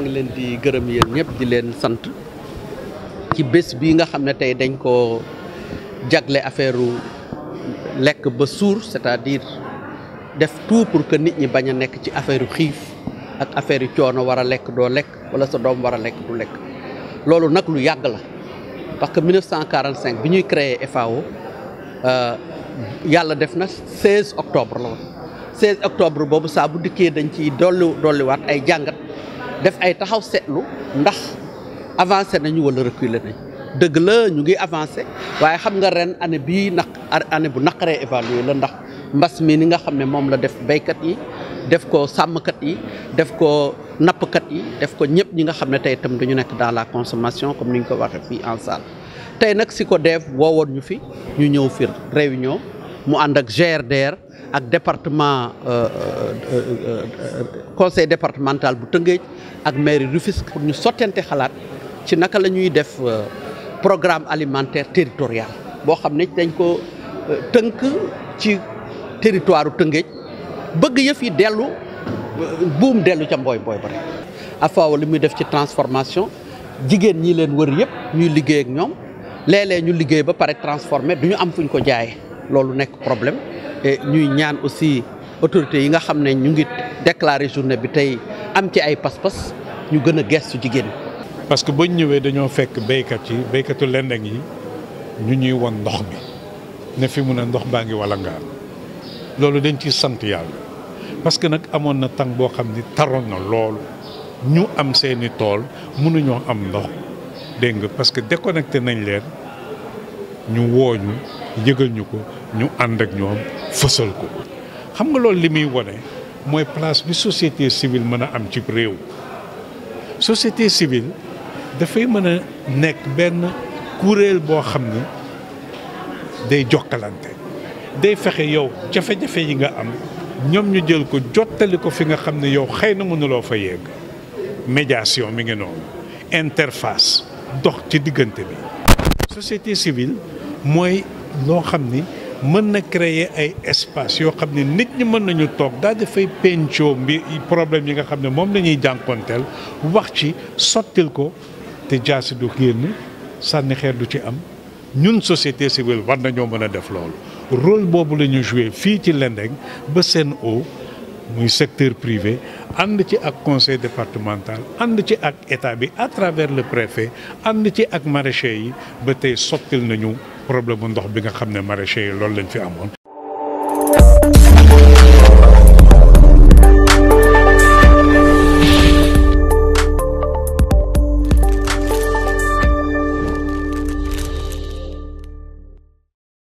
maa leen di gërëm yéen ñëpp di leen sant ci bés bi nga xam ne tey dañ koo jagle affaire lekk ba suur c'est-à-dire def tout pour que nit ñi bañ a nekk ci affaire xiif ak affaire coono wara lek lekk doo lekk wala sa doom war a du lekk loolu nag lu yàgg la parce que 1945 bi ñuy créé FAO euh, yàlla def na 16 octobre la woon 16 octobre boobu saa bu dikkee dañ ciy dolli dolliwaat ay jàngat def ay taxaw seetlu ndax avancé nañu wala reculer nañ dëgg la ñu ngi avancé waaye xam nga ren année bii naq année bu naqaree évaluer la ndax mbas mii ni nga xam ne moom la def béykat yi def ko sàmmkat yi def ko nappkat yi def ko ñëpp ñi nga xam ne tey itam dañu nekk dans la consommation comme ni nga ko waxee fii en salle tey nag si ko deef woowoon ñu fi ñu ñëw fi réunion mu ànd ak GRDR ak département euh, euh, euh, conseil départemental bu Tëngéej ak mairie Rufisque pour ñu sottante xalaat ci naka la ñuy def programme alimentaire territorial boo xam ne dañ ko tënk ci territoire Tëngéej bëgg yëf yi dellu buum dellu ca mbooy mbooy ba rek afaaw li muy def ci transformation jigéen ñi leen wër yëpp ñuy liggéey ak ñoom léeg ñu liggéey ba pare transformé du ñu am fu ñu ko jaayee loolu nekk problème Eh, ñuy ñaan aussi autorités yi nga xam ne ñu ngi déclarer journée bi tey am ci ay pas-pas ñu gën a gestu jigéen parce que bañ ñëwee dañoo fekk béykat yi béykatu lendeng yi ñu ñuy won ndox mi ne fi mun a ndox baa ngi walangaan loolu dañ ciy sant yàlla parce que nag amoon na tàng boo xam ni taroon na loolu ñu am seeni tool mënuñoo am ndox dégg nga parce que déconnecté nañ leen ñu wooñu yëgal ñu ko ñu ànd ak ñoom fësal ko xam nga loolu li muy wone mooy place bi société civile mën a am ci réew société civile dafay mën a nekk benn kuréel boo xam ne day jokkalante day fexe yow jafe-jafe yi nga am ñoom ñu jël ko jottali ko fi nga xam ne yow xëy na mënuloo fa yegg médiation mi ngi noonu interface dox ci diggante bi société civile mooy loo xam ni mën na créer ay espace yoo xam ne nit ñi mën nañu toog daal dafay pencoo problème yi nga xam ne moom lañuy ñuy jànkoonteel wax ci sottil ko te jaasi du génn sànni xeer du ci am ñun société civile war nañoo mën a def loolu rôle boobu la ñu joué fii ci Lendeng ba seen Sen'Eau muy secteur privé ànd ci ak conseil départemental ànd ci ak état bi à travers le préfet ànd ci ak maraîchers yi ba tey sottil nañu problème mu ndox bi nga xamne maraîcher maraîchers lañ fi amone